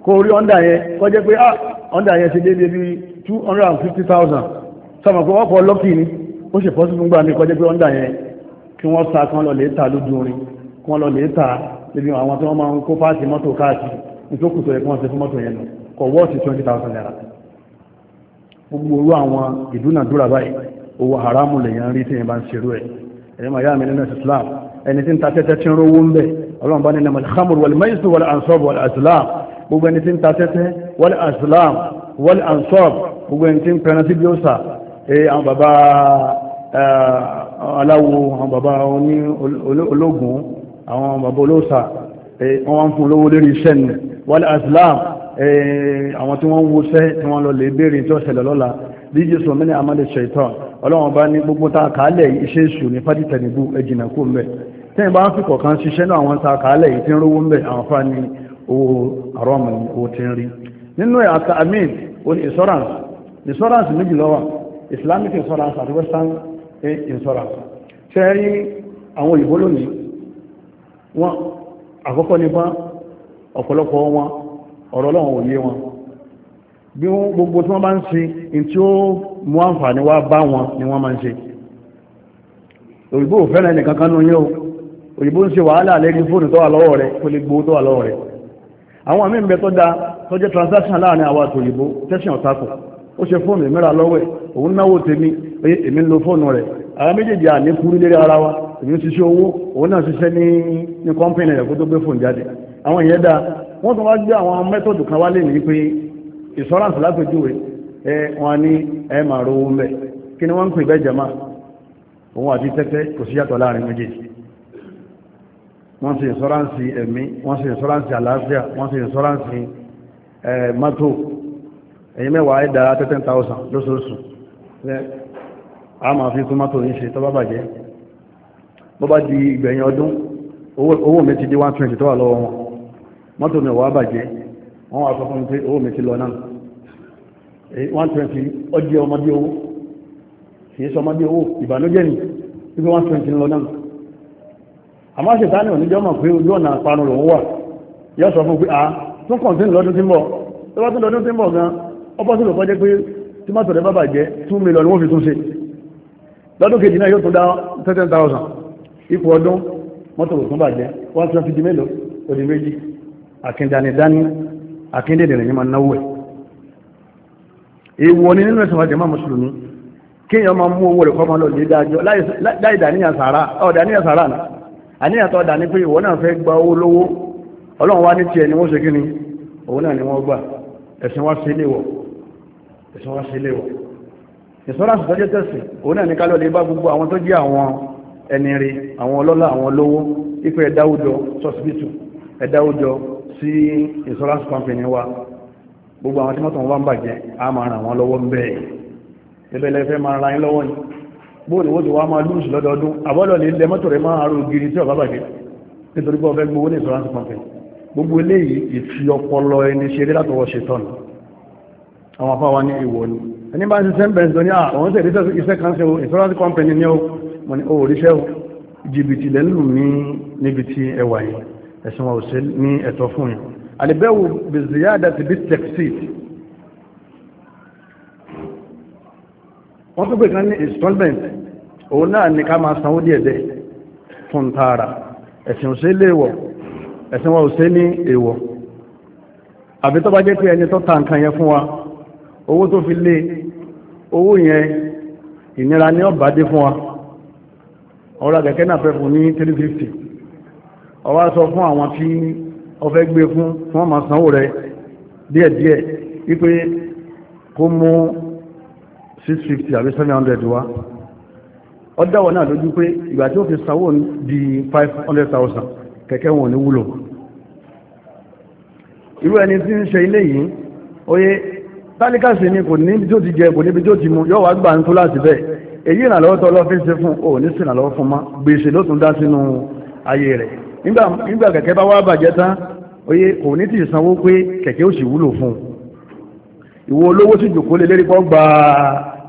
kó rí ọ́ndà yẹn kọ́ jẹ́ pé ah ọ́ndà yẹn ti dédé bí 250,000 sọmọ̀ pé ọ̀pọ̀ lọ́kì ni ó sì pọ́ sí fúngbà míì kọ́ jẹ́ pé ọ́ndà yẹn kí wọ́n sa kán lọ lè ta lójú orin kí wọ́n lọ lè ta àwọn tí wọ́n máa ń kó páàtì mọ́tò káàkiri ìtókù tó yẹ kí wọ́n ṣe fún mọ́tò yẹn kọ̀ wọ́ọ̀sì twenty thousand naira gbogbo orú àwọn ìdúnàdúrà báyìí owó haramu lèyàn rí tí yẹn bá ń ṣerú ẹ̀ ẹ̀yẹ́ màá yá mi nínú Islam ẹni tí ń ta tẹ́tẹ́ tí ń rówó ń bẹ̀ ọlọ́run bá nínú alhamdu wal maisu wal ansab wal azlam gbogbo ẹni tí ń ta tẹ́tẹ́ wal azlam àwọn bàbá aláwo olóòsà Eh, wọ́n fún lówó lérí iṣẹ́ ni wal azlam eh, àwọn tí wọ́n ń wọṣẹ́ tí wọ́n lọ lè béèrè tí ó ṣẹlẹ̀ lọ́la bí jésù mẹ́ni àmàlẹ̀ ṣaitan ọlọ́wọ́n bá ní gbogbo ta kàálẹ̀ iṣẹ́ èṣù ní fádìtẹ̀nìbù ẹ̀jìnà kó mẹ́ tẹ́yìn bá ń fi kọ̀ọ̀kan ṣiṣẹ́ náà àwọn ta kàálẹ̀ yìí tí insurance insurance méjì lọ́wọ́ islamic insurance àti western eh, insurance ṣe rí àwọn òyìnbó àkọ́kọ́ ní bá ọ̀pọ̀lọpọ̀ wọn ọ̀rọ̀ ọlọ́run ò yé wọn bí wọ́n gbogbo tí wọ́n bá ń ṣe in tí ó mú àǹfààní wá bá wọn ni wọ́n máa ń ṣe òyìnbó fẹ́ràn ẹnì kankan nú yóò òyìnbó ń ṣe wàhálà lẹ́ni fóònù tó wà lọ́wọ́ rẹ̀ tó lè gbowó tó wà lọ́wọ́ rẹ̀ àwọn àmì ìbẹ̀ tó da tó jẹ́ transaction láàrin àwọn àtòyìnbó tẹ́sán ọ̀tako ó ṣe fóònù ìmẹ́ra lọ́wọ́ ẹ̀ òun náwó tèmi èmi ń lo fóònù rẹ̀ àwọn méjèèjì à èyí ṣiṣẹ́ owó òun náà ṣiṣẹ́ ní ní kọ́mpìnì rẹ̀ kó tó gbé fóònù jáde àwọn ìyẹn dáa wọ́n tún wá gbé àwọn mẹ́tọ̀dù kan wálé ní pé insurance lápèjúwe ẹ wọn ní ẹ máa rówó ń bẹ̀ kí ni wọ́n ń pè bẹ́ẹ̀ jẹ́ máa òun àti tẹ́tẹ́ kò sí yàtọ̀ láàrin méjèèjì wọ́n ṣe insurance ẹ̀mí wọ́n ṣe insurance àlàáfíà wọ́n ṣe insurance mọ́tò ẹ̀yìn mẹ́wàá ẹ̀dá 10,000 lóṣooṣù a máa fi tún mọ́tò yìí ṣe tọ́bá bàjẹ́ bó bá di ìgbẹ̀yìn ọdún owó mi ti di 120 tó wà lọ́wọ́ wọn mọ́tò mi wà bàjẹ́ wọ́n wà sọ fún mi pé owó mi ti lọ náà 120 ọjọ́ ọmọdé owó kìí sọ ọmọdé owó ìbànújẹ́ ni wípé 120 lọ náà àmọ́ ṣètá ní oníjọ́ mọ̀ pé ojú ọ̀nà àpanu lòun wà yóò sọ fún pé a tún kàn sí lọ́dún tí ń bọ̀ tó bá tún lọ́dún tí ń bọ̀ gan ọpọ́ sí lòkọ́ jẹ́ pé tí mọ́tò rẹ̀ bá bàjẹ́ 2 million wọ́n fi tún ṣe lọ́dún kejì náà yóò tún dá 13000 ipò ọdún mọ́tò òtún bàjẹ́ wọ́n tún fi di mélòó odi méjì àkíndanidání àkíndèdèrè ní ma náwó ẹ̀ èèwọ̀ ni nínú ẹ̀sùn àjẹmọ́ mùsùlùmí kéèyàn máa mú owó rẹ̀ kọ́ máa lọ lè dájọ́ láì dàníyàn sàárà ọ̀dà níyàn sàárà náà àníyàn tó dà ní pé ìwọ náà fẹ́ gba owó lówó ọlọ́run wá ní tiẹ̀ ni wọ́n ṣe kí ni òun náà ni wọ́n gbà ẹ̀sìn wá sí léwọ̀ ẹ̀sìn wá sí léwọ̀ ìsọ́ràṣì ní ká lè bá gbogbo àwọn tó jẹ́ àwọn ẹni rí àwọn ọlọ́lá àwọn olówó ipò ẹ̀dáwùjọ sọ́sibítù ẹ̀dáwùjọ sí insurance company wa gbogbo àwọn tí mọ́tò wọn bá ń bàjẹ́ a máa ràn wọ́n lọ́wọ́ bẹ́ẹ̀ ìbẹ̀lẹ̀ fẹ́ máa ra yín lọ́wọ́ ni bóò ni wọ́n ti wá máa lùsù lọ́dọọdún àbọ́lọ̀ ní ilẹ̀ mọ́tò rẹ̀ máa rò gírí tí ọ̀bá bàjẹ́ nítorí pé ọ̀fẹ́ gbowó ní insurance company gbogbo eléyìí ìfi ọpọlọ ẹni ṣeré látọwọ́ ṣetọ́nù àwọn afáwa ní ìwọ̀ ni ẹni bá ń ṣiṣẹ́ ń bẹ̀rẹ̀ sí ní àwọn ṣe ìṣẹ́ kan ṣe insurance company ní o mo ní owó oh, oríṣẹ́ jìbìtì lẹ́nu mi níbi tí ẹwà yìí ẹ̀sìn wa ò sí ní ẹ̀tọ́ fún yìí àlìbẹ́wò bìzìyàdà ti bí tẹ̀síìtì wọ́n tó pè kan ní installment òun náà ní ká máa sanwó díẹ̀dẹ́ fún tààrà ẹ̀sìn òṣè léèwọ̀ ẹ̀sìn wa òṣè ní èèwọ̀ àbí tó bá jẹ́ pé ẹni tó ta nǹkan yẹn fún wa owó tó fi lé owó yẹn ìnira ní ọ̀bá dé fún wa ọ̀rọ̀ kẹ̀kẹ́ náà fẹ́ fún ní 350 ọwá sọ fún àwọn tí ọ fẹ́ gbé fún fún ọmọ sanwó rẹ díẹ̀díẹ̀ wípé kó mú 650 àbí 700 wá ọ dáwọ̀ náà lójú pé ìgbà tí ó fi sanwó di 500,000 kẹ̀kẹ́ wọn ní wúlò irú ẹni tí ń ṣe ilé yìí oye tálíkàsì ni kò níbi tí ó ti jẹ kò níbi tí ó ti mú yọ́ wá gbà ń tó láti bẹ́ẹ̀ èyí ìrànlọ́wọ́ tó lọ́ fi ń ṣe fún ò ní sí ìrànlọ́wọ́ fún ma gbèsè ló tún dá sínú ayé rẹ̀ nígbà kẹ̀kẹ́ bá oye kò ní ti sanwó pé kẹ̀kẹ́ ò sì wúlò fún iwu olówó sì jòkó lé lérí pọ́ gba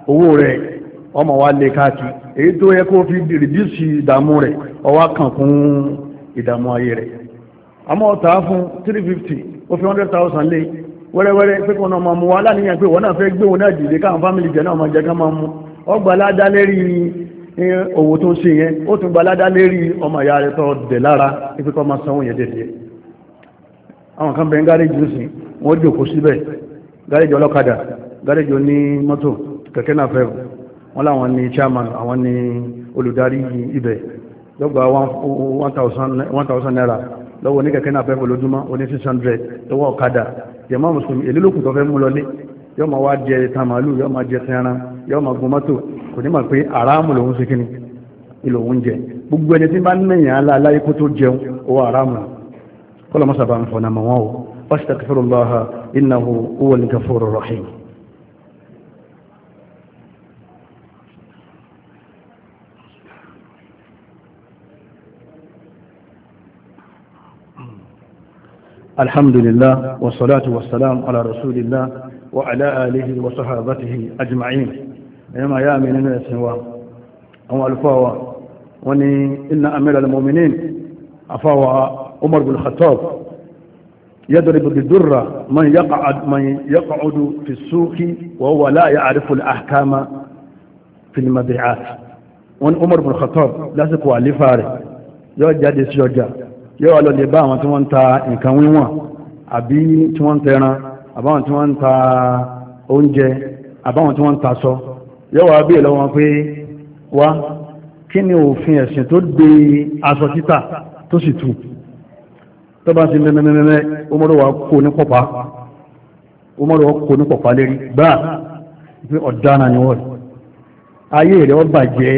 owó rẹ̀ ọmọ wa lè káàkiri èyí tó yẹ kó fi rìdíùsì ìdààmú rẹ̀ ọwá kàn fún ìdààmú ayé rẹ̀ àmọ́ ọ̀tá 350 ó 100,000 lé wẹ́rẹ́wẹ́rẹ́ pé náà máa mú wa pé wọ́n náà fẹ́ gbé náà dìde káwọn fámìlì jẹ náà máa jẹ ká máa ọ gbalada lérí owó tó ń ṣe yẹn ó tún gbalada lérí ọmọ ìyá rẹ̀ tó dẹ̀ lára ìpíkọ́ ma sanwó yẹn dédé àwọn kan bẹ ń gáréjì lóṣì wọ́n jòkó síbẹ̀ gáréjì ọlọ́kadà gáréjì oní mọ́tò kẹ̀kẹ́ náà fẹ́ wọ́n láwọn ni chairman àwọn ni olùdarí ibẹ̀ lọ́gbà 1000 naira lọ́wọ́ ní kẹ̀kẹ́ náà fẹ́ olójúmọ́ oní 600 lọ́wọ́ ọ̀kadà jẹ̀mọ́ mùsùlùmí èlélòkù tó fẹ́ mú lọlé yọ́ ma wá jẹ tàmàlù yọ́ ma jẹ tẹ́ran yóò máa gun mọ́tò kò ní mọ̀ pé àràmù lòun ṣe kíni ìlò oúnjẹ gbogbo ẹni tí bá ń nìyàn aláàláyé kó tó jẹun owó àràmù kọ́lọ̀ mọ́sà bá ń fọ̀nà mọ́ wọn o wastaghfirullaha innahu huwal ghafurur rahim الحمد لله والصلاة والسلام على رسول الله وعلى آله وصحابته أجمعين ẹ̀yọ́ máa yá mi nínú ẹ̀sìn wa àwọn àlùfáà wa wọ́n ní inna amira al-mu'minin afáwa umar bin khattab yadri bi durra man yaqa'ad man yaqa'udu fi suqi wa huwa la ya'rifu al-ahkama fi al-mabi'at wọ́n ní umar bin khattab lásìkò àlífà rẹ̀ yóò jáde sí ọjà yóò àbí tí wọ́n tẹran àbáwọn tí wọ́n ta oúnjẹ àbáwọn tí wọ́n ta sọ yọ́wà bí ìlọ́wọ́n pé wá kí ni òfin ẹ̀sìn tó gbé aṣọ títà tó sì tú tó bá ti mẹ́mẹ́mẹ́mẹ́ ọmọdọ́wà kò ní pọ̀pá ọmọdọ́wà kò ní pọ̀pá lérí gbáà pé ọ̀dána ni wọ́n ayé rẹ̀ ó bàjẹ́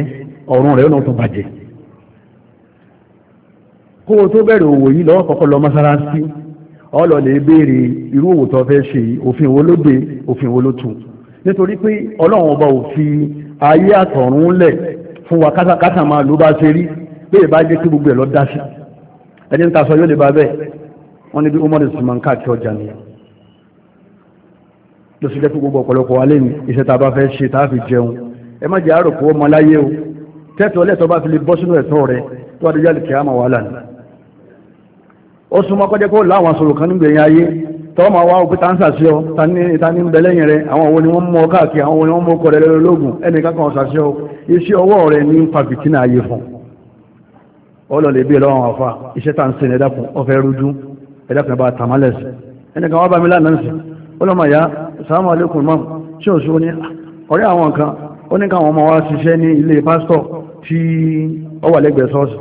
ọ̀run rẹ̀ ó tún bàjẹ́ kó o tó bẹ̀rẹ̀ òwò yìí lọ́wọ́ kọ́kọ́ lọ mọ́sálásí ọlọ́lẹ̀ béèrè irú òwò tó fẹ́ ṣe òfin wo ló dé òfin wo ló tún nítorí pé ọlọ́run ọba ò fi ayé àtọ̀run lẹ̀ fún wa kátàkátà máa ló bá ṣe rí pé ìbá jẹ́ kí gbogbo ẹ̀ lọ dá sí ẹni ń ta sọ yóò lè ba bẹ́ẹ̀ wọ́n ní bí Umar Usman káàkiri ọjà nìyà ló sì jẹ́ kí gbogbo ọ̀pọ̀lọpọ̀ wa lẹ́nu iṣẹ́ tá a bá fẹ́ ṣe tá a fi jẹun ẹ má jẹ́ àárò kó ọmọ láyé o tẹ́tọ̀ lẹ́tọ̀ bá fi lè bọ́ sínú ẹ̀tọ́ rẹ tó wà kìá mà wàhálà ni ó súnmọ́ kọ́jẹ́ kó láwọn aṣòro tọ́mọ̀ wá òpítà ń sàṣíọ́ tani ń bẹ lẹ́yìn rẹ̀ àwọn òun ni wọ́n mọ́ káàkiri àwọn òun ni wọ́n mọ́ kọ̀rẹ̀ lọ́gùn ẹnìkan kan sàṣíọ́ iṣẹ́ ọwọ́ rẹ̀ ní pàfìtínà ayé fún ọlọ́lẹ̀ bí e lọ́wọ́n àfà iṣẹ́ tà ń sin ẹ̀dàkùn ọfẹ́ rújú ẹ̀dàkùn bá tàmálẹ̀sì ẹnìkan wá bá mi lánàá sí ọlọ́mọ ya wa ṣiṣẹ́ ní ilé pásítọ̀ tí ó wà lẹ́gbẹ̀ẹ́ ṣọ́ọ̀ṣì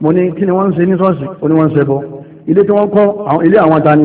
mo ni wọ́n ń ṣe ní ṣọ́ọ̀ṣì ó ní wọ́n ilé tí wọ́n kọ́ ilé àwọn ta ni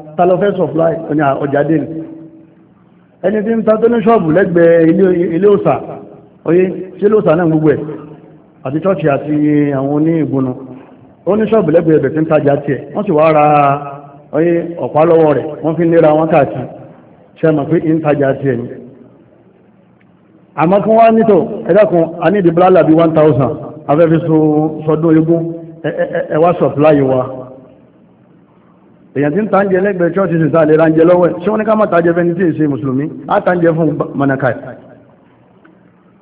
ta lọ fẹ́ supply ọjà ọjà dé ni ẹni tí ń ta tó ní ṣọ́ọ̀bù lẹ́gbẹ̀ẹ́ ilé òsà oyé tí ilé òsà náà gbogbo ẹ̀ àti chọ́ọ̀chì àti àwọn oní ìgbónú ó ní ṣọ́ọ̀bù lẹ́gbẹ̀ẹ́ ẹ̀bẹ̀ tí ń tajà tiẹ̀ wọ́n sì wá ra oyé ọ̀pá lọ́wọ́ rẹ̀ wọ́n fi lera wọn káàkiri ṣe mọ̀ pé ń tajà tiẹ̀ ni àmọ́ kí wọ́n nítò ẹ̀dàkùn a ní ìdìbò alábi 1000 afẹ́fẹ́ wa èyàn tí ń tàǹjẹ lẹ́gbẹ̀ẹ́ chọ́ọ̀tì sì sáà lè ra ǹjẹ lọ́wọ́ ẹ̀ ṣé wọ́n ní ká má e fẹ́ni tí èsè mùsùlùmí á tàǹjẹ fún manakai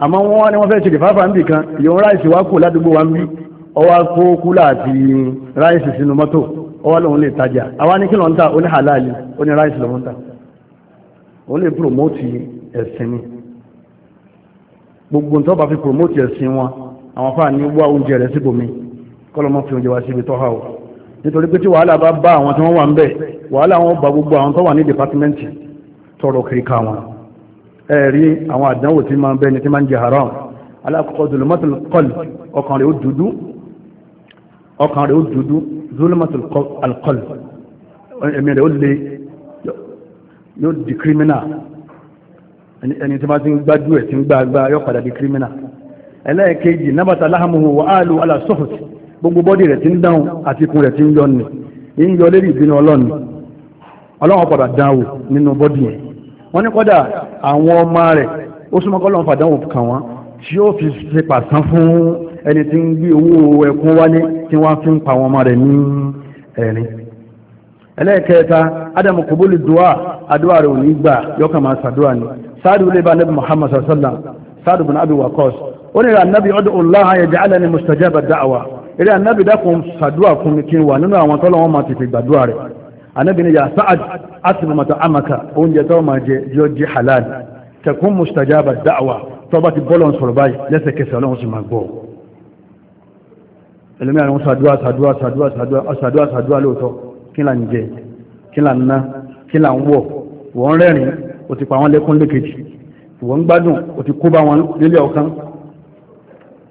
àmọ́ wọ́n wá ní wọ́n fẹ́ ṣe ìfáfà ń bì kan ìyọ̀n ráìsì wá kù wa ń bí ọwọ́ kó kúlà àti ráìsì sínú mọ́tò ọwọ́ lòun lè tajà àwa ní kí ló ta ó halali ráìsì gbogbo bá fi promote ẹ̀sìn wọn àwọn fáà ní wá oúnjẹ rẹ̀ síbòmí nítorí pé tí wàhálà bá bá àwọn tí wọ́n wà ń bẹ̀ wàhálà wọn bá gbogbo àwọn tó wà ní dìpátímẹ́ǹtì tọrọ kìríkà wọn ẹ̀rí àwọn àdánwò tí máa ń bẹni tí máa ń jẹ haram alákọ̀ọ́kọ́ zulumatul qalb ọkàn rẹ̀ ó dúdú ọkàn rẹ̀ ó dúdú zulumatul qalb ẹ̀mí rẹ̀ ó le yóò di gbogbo bọ́dì rẹ̀ ti ń dáhùn àti ikùn rẹ̀ ti ń yọ ni ń yọ lérí ìbínú ọlọ́ni ọlọ́run padà dáhùn nínú bọ́dì yẹn wọ́n ní kọ́dà àwọn ọmọ rẹ̀ ó súnmọ́ kọ́lọ́run kàn wọ́n tí ó fi ṣe pàṣán fún ẹni tí ń gbé owó ẹkún wálé tí wọ́n fi ń pa àwọn ọmọ rẹ̀ ní ẹ̀rín ẹlẹ́ẹ̀kẹta ni sáàdù ba nabi muhammad sallallahu alaihi wa sallam sáàdù bin abi wakos ó ní ra nabi ọdún ọlọ́hàn jẹ́ alẹ́ ni eré anábì dákun ṣàdúrà fún mi kí n wà nínú àwọn tọ́lọ́ wọn máa tètè gbàdúrà rẹ̀ anábì ni yà àtìmọ̀tò amaka oúnjẹ tó máa jẹ yóò jẹ halal tẹkùn mustajaba dáwà tó bá ti bọ́lọ̀ sọ̀rọ̀ báyìí lẹ́sẹ̀kẹsẹ̀ ọlọ́run sì máa gbọ́ ẹlẹ́mìí àwọn ṣàdúrà ṣàdúrà ṣàdúrà ṣàdúrà ṣàdúrà lóòótọ́ kí là ń jẹ kí là ń ná kí là ń wọ̀ wọ́n rẹ́rìn-ín ó ti pa wọ́n lẹ́kún lékejì wọ́n gbádùn ó ti kó bá wọn lélẹ̀ ọ̀kan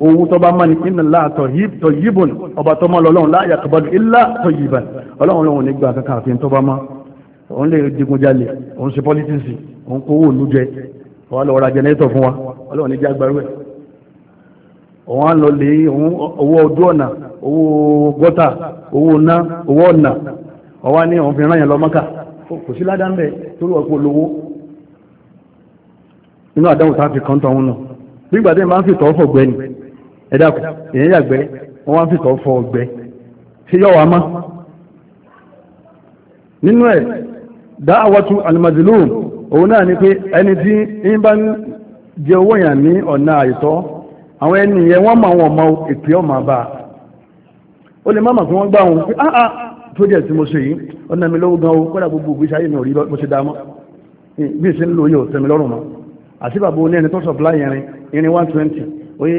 owó tó bá mọ́ la inna Allah tayyibun ọba tó mọ́ lọ́lọ́run la yaqbalu illa tayyiban ọlọ́run lọ́wọ́n nígbà kankan àfihàn tó bá mọ́ òun lè digunjalè òun ṣe pọ́lítíìsì òun kówó òlu jẹ wọ́n lọ ra jẹnẹ́tọ̀ fún wa ọlọ́run níjà gbarú ẹ̀ òun á lọ lè owó ojú ọ̀nà owó gọ́tà owó ná owó ọ̀nà ọwá ní òun fi rán yẹn lọ mọ́kà kò sí ládàá ń bẹ̀ torí ọ̀pọ̀ olówó inú àdáhùn tá a fi kọ́ńtà òun náà nígbà tí wọ́n máa ń fi tọ́ fọ̀gbẹ́ni ẹ̀dàkùn èyàn yàgbẹ́ wọ́n wá ń fìtọ̀ fọ ọgbẹ́ ṣe yọ wà má nínú ẹ̀ dáàwọ́tú almazlum òun náà ni pé ẹni tí ń bá ń jẹ owó yàn ní ọ̀nà àìtọ́ àwọn ẹni yẹn wọ́n máa wọ̀n mọ ìpè ọmọ bá ó lè má mà kí wọ́n gbá wọn pé áá ah, ah, project mo ṣe yìí ọ̀nà mi lówó gan o kọ́dà gbogbo ìgbésí ayé mi ò rí mo ṣe dáa mọ́ bí ìṣe ń lò yóò tẹ̀mí lọ́rùn mọ́ àti bàbá oní ẹni tó supply irin irin one twenty oye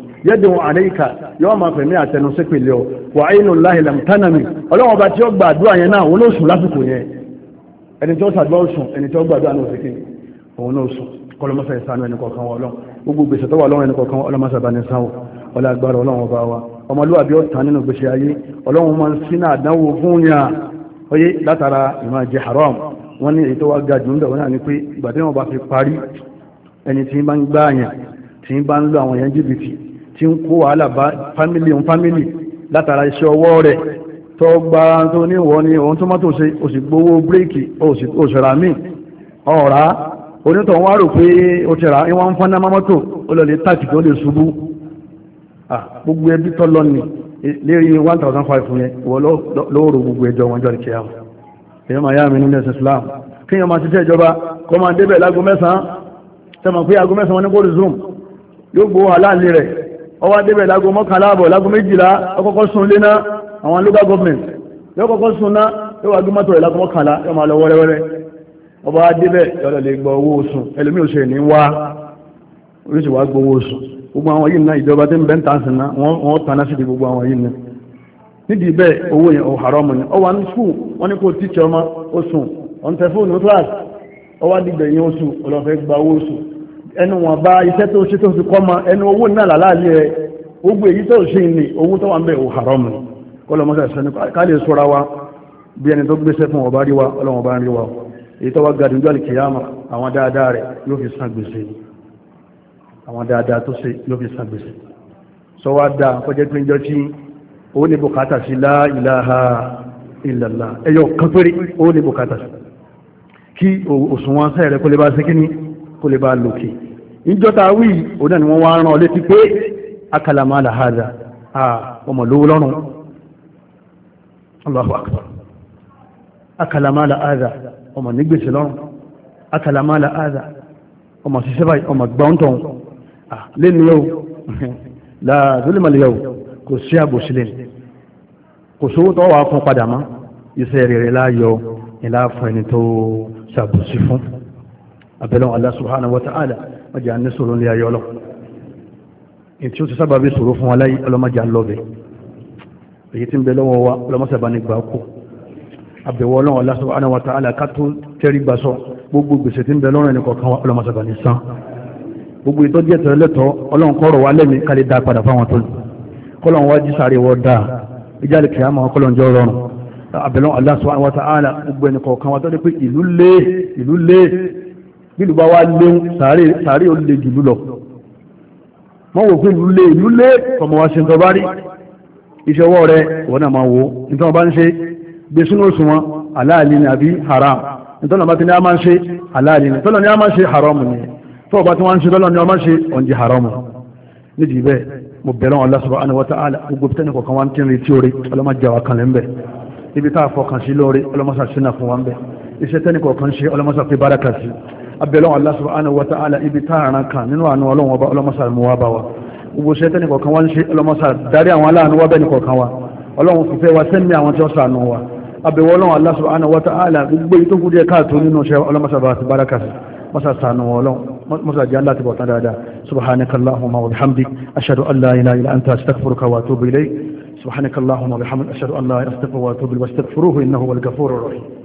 yẹ́dùn àríkà yọ́ máa fẹ̀mí àtẹnusẹ́ pèlè ọ wà áyínú láhìlẹ̀ tánàmì ọlọ́wọ́n bá tí ó gba àdúrà yẹn náà òun ló sùn lásìkò yẹn ẹni tó sàdúrà ó sùn ẹni tó gba àdúrà náà òsìkè òun ló sùn kọlọmọsà ìsànú ẹni kọ̀ọ̀kan wọn ọlọ́run gbogbo gbèsè tó wà lọ́wọ́ ẹni kọ̀ọ̀kan ọlọ́mọsà bá ní sáwọ́ ọlọ́gbàrá ọba wa ọmọlúwàbí ọ̀tá nínú gbèsè ayé ọlọ́run máa ń sínú àdánwò fún yà oyé látara ìmọ̀ jẹ haram wọ́n ní èyí tó wá ga jù ń bẹ̀ wọ́n náà ni pé ìgbà tí wọ́n bá fi parí ẹni tí ń bá ń gbáàyàn tí ń bá ń lo àwọn yẹn jìbìtì tí ń kó wàhálà bá fámílì ń fámílì látara iṣẹ́ ọwọ́ rẹ̀ tó gba tó ní wọ́n ní ohun tó mọ́tò ṣe ó sì gbowó bíréèkì ó sì rà míì ọ̀rá onítọ̀ wá rò pé ó ti rà wọ́n ń fọ́nà mọ́tò ó lọ lè táàkì tó lè ṣubú gbogbo ẹbí tọ́ lọ ní lérí 1500 yẹn wọ́n lóòrò gbogbo ẹjọ́ wọn jọ ní kíá èèyàn máa yá mi nílẹ̀ Islam kí èèyàn máa ṣiṣẹ́ ìjọba kọ́ máa débẹ̀ lágo mẹ́sàn-án sẹ́mọ̀ pé ago mẹ́sàn-án wọn ní kó resume yóò gbowó aláàlẹ́ rẹ̀ ọwọ́ adébẹ̀ lágo mọ́kànlá àbọ̀ lágo méjìlá ọkọ̀kọ́ sun lé náà àwọn local government yóò kọ́kọ́ sun náà yóò wá gbé mọ́tò rẹ̀ lágo mọ́kànlá yóò máa lọ wẹ́rẹ́wẹ́rẹ́ ọba adébẹ̀ yọ̀dọ̀ lè gbọ́ owó oṣù ẹlòmí ò ṣe ní wá oríṣi wá gbọ́ owó oṣù gbogbo àwọn yìí náà ìjọba tí ń bẹ́ ń ta sí náà wọ́n tanná sí gbogbo àwọn yìí náà nídìí bẹ́ẹ̀ owó yẹn ò haramu ni ọwọ́ ní skul wọ́n ní kó tíṣẹ́ ọmọ oṣù ọ̀ntẹ̀fóònù class ọwọ́ adìgbẹ̀yìn oṣù ọlọ́fẹ́ gba owó oṣù ẹnu wọn bá iṣẹ́ tó ṣe tó fi kọ́ ma ẹnu owó náà làláàlì ẹ gbogbo èyí tó ṣe ní owó tó wà ń bẹ̀ ò haram kọlọmọsá ìṣẹ́ni ká lè sọ́ra wa bí ẹni tó gbéṣẹ́ fún ọba rí wa ọlọ́wọ́n bá rí wa èyí tó wá ga dùn jọ́lì kìyàmà àwọn dáadáa rẹ̀ yóò fi san gbèsè àwọn da kọjá pé njọ́ tí ó ní bùkátà sí la ilaha illallah ẹyọ kan péré ó ní bùkátà sí kí òṣùwọ̀n sẹ́ẹ̀rẹ̀ kó lè bá ṣe kó lè bá lòkè ìjọta wí òun ni wọ́n wá rán ọ létí pé akàlàmà làhádà ọmọ lówó lọ́rùn Allahu akbar akàlàmà làhádà ọmọ nígbèsè lọ́rùn akàlàmà làhádà ọmọ ṣiṣẹ́ báyìí ọmọ gbọ́ntàn lẹ́nu yóò láàzúlẹ̀mọ̀lẹ̀ yóò kò sí àbòsílẹ̀ kò sówó tọ́wọ́ fún padà mọ́ iṣẹ́ rere láyọ̀ ìlà tó ṣàbòsí fún abẹ́lọ́wọ́ Allah subhanahu wa ta'ala mọ́jà ní sọ̀rọ̀ ní ayọ́ ọlọ́pù tí ó ti sábà bí sọ̀rọ̀ fún aláyí ọlọ́mọjà lọ́bẹ̀ èyí tí ń bẹ lọ́wọ́ wa ọlọ́mọsàbà ní gbà kú àbẹ̀wọ̀ ọlọ́wọ́ Allah subhanahu wa ta'ala ká tó tẹ́rí gbà sọ gbogbo gbèsè tí ń bẹ lọ́rùn ẹni kọ̀ọ̀kan wa ọlọ́mọsàbà ní san gbogbo ìtọ́jú ẹ̀tọ́ ẹlẹ́tọ́ ọlọ́run kọ́rọ̀ wa lẹ́mí kálí dá padà fáwọn tó kọ́lọ́run wá pé ìlú lé ìlú lé bílù bá wá léun sàárè ó lè jùlú lọ wọ́n wò pé ìlú lé ọmọ wa ṣe ń tọba rí iṣẹ́ ọwọ́ rẹ̀ wọ́n náà máa wò nítorí wọ́n bá ń ṣe gbé sínú òsùn wọn aláàlì ni àbí haram nítorí wọ́n ti ní a máa ń ṣe aláàlì ni tọ́lọ̀ ni a máa ń ṣe haram ni tọ́wọ́ bá ti wọ́n ń ṣe tọ́lọ̀ ni a máa ń ṣe ọ̀njẹ́ haram nídìí bẹ́ẹ̀ mo bẹ̀rẹ̀ wọn Allah subhanahu wa ta'ala gbogbo tẹ́nì kọ̀ọ̀kan wá ń tí ń retí orí ọlọ́mọ jẹ́ wa kan lẹ́ ń bẹ̀ ibi tá a fọkàn sí lórí ọlọ́mọ sàṣínà fún wa ń iṣẹ́ tẹ́nì kọ̀ọ̀kan ṣe ọlọ́mọ sàpé bára kà sí abẹ́lọ́wọ́ Allah subhanahu wa ta'ala ibi táàrán kan nínú àánú ọlọ́wọ́ ọba ọlọ́mọsà mú wa bá wa gbogbo ṣe tẹ́nì kọ̀ọ̀kan wá ń ṣe ọlọ́mọsà darí àwọn aláàánú wa bẹ́ẹ̀ nìkọ̀ọ̀kan wa ọlọ́wọ́ fífẹ́ wa sẹ́mi àwọn tí ó sànú wa abẹ́wọ́ ọlọ́wọ́ Allah subhanahu wa gbogbo èyí tó kú díẹ̀ káàtó nínú ṣe ọlọ́mọsà bá ti bára kàsí masa sànú ọlọ́wọ́ masa jẹ́ Allah ti bọ̀ tán dáadáa subhanaka allahumma wa bihamdik ashhadu an la ilaha illa anta astaghfiruka wa atubu ilayk subhanaka allahumma wa bihamdik ashhadu an la ilaha illa anta astaghfiruka wa